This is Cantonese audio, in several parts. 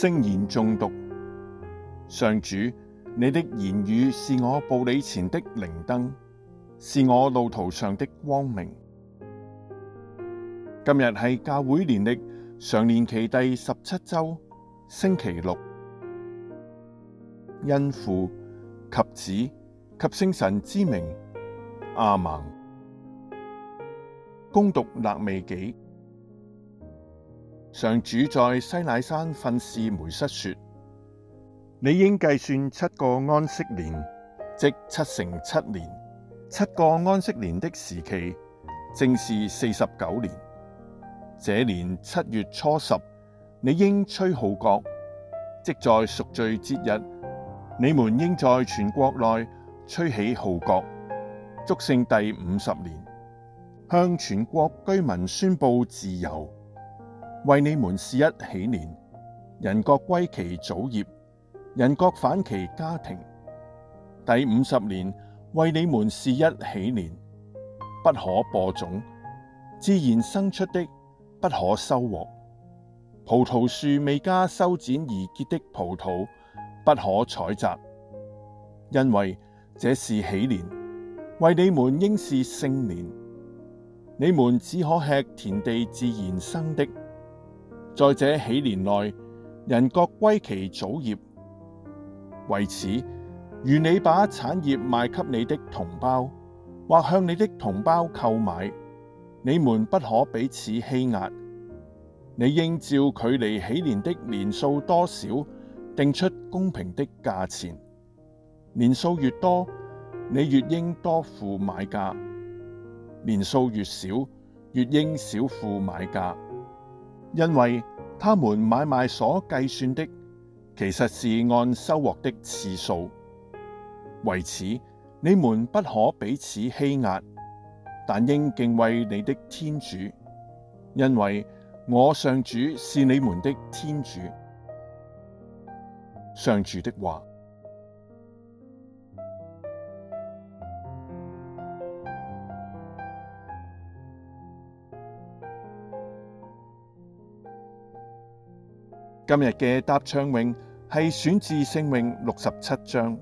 聖言誦讀，上主，你的言語是我步你前的靈燈，是我路途上的光明。今日係教會年曆常年期第十七周，星期六。因父及子及聖神之名，阿門。恭讀肋未紀。上主在西乃山訓示梅瑟說：你應計算七個安息年，即七乘七年。七個安息年的時期正是四十九年。這年七月初十，你應吹號角，即在贖罪節日，你們應在全國內吹起號角，祝聖第五十年，向全國居民宣布自由。為你們是一喜年，人各歸其祖業，人各返其家庭。第五十年為你們是一喜年，不可播種，自然生出的不可收穫。葡萄樹未加修剪而結的葡萄不可採摘，因為這是喜年。為你們應是聖年，你們只可吃田地自然生的。在這喜年內，人各歸其祖業。為此，如你把產業賣給你的同胞，或向你的同胞購買，你們不可彼此欺壓。你應照距離喜年的年數多少，定出公平的價錢。年數越多，你越應多付買價；年數越少，越應少付買價。因為他們買賣所計算的，其實是按收穫的次數。為此，你們不可彼此欺壓，但應敬畏你的天主，因為我上主是你們的天主。上主的話。今日嘅答唱詠係選自聖詠六十七章，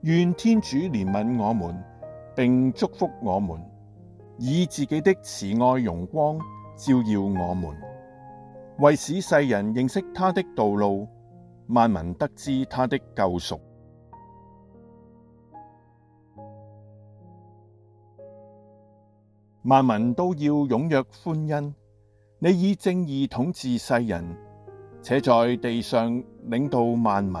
願天主憐憫我們，並祝福我們，以自己的慈愛容光照耀我們，為使世人認識他的道路，萬民得知他的救贖，萬民都要踴躍歡欣。你以正義統治世人，且在地上領導萬民。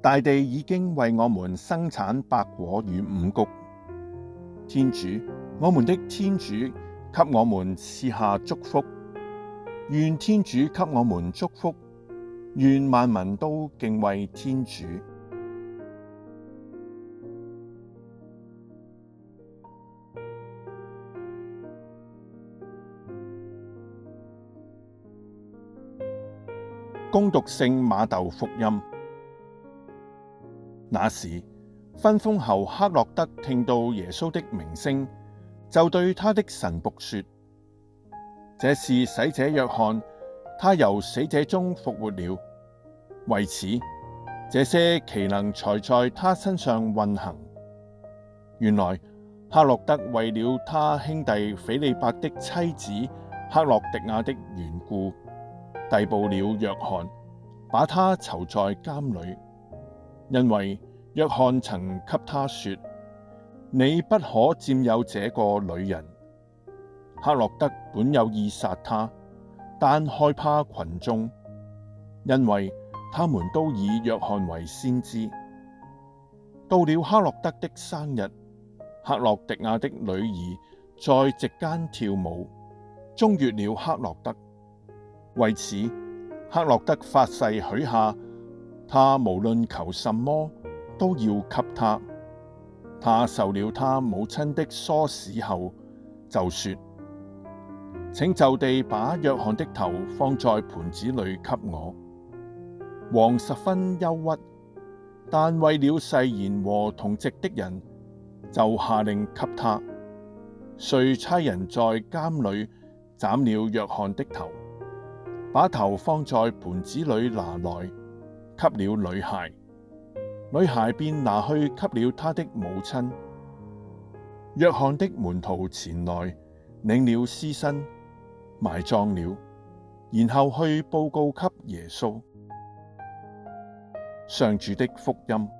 大地已經為我們生產百果與五穀，天主，我們的天主，給我們賜下祝福。願天主給我們祝福，願萬民都敬畏天主。恭讀聖瑪竇福音。那時分封侯，黑落德聽到耶穌的名聲，就對他的臣僕說：這是洗者若翰，他由死者中復活了。為此，這些奇能才在他身上運行。原來黑落德為了他兄弟斐理伯的妻子黑落狄雅的原故。逮捕了若翰，把他囚在監裏，因為若翰曾給他說：你不可佔有這個女人。黑落德本有意殺他，但害怕群眾，因為他們都以若翰為先知。到了黑落德的生日，黑落狄雅的女兒在席間跳舞，中悅了黑落德。為此，黑落德發誓許下，他無論求什麼都要給他。他受了他母親的唆使後，就說：請就地把若翰的頭放在盤子裏給我。王十分憂鬱，但為了誓言和同席的人，就下令給他，遂差人在監裏斬了若翰的頭。把頭放在盤子裏拿來，給了女孩。女孩便拿去給了她的母親。若翰的門徒前來領了屍身，埋葬了，然後去報告給耶穌。上主的福音。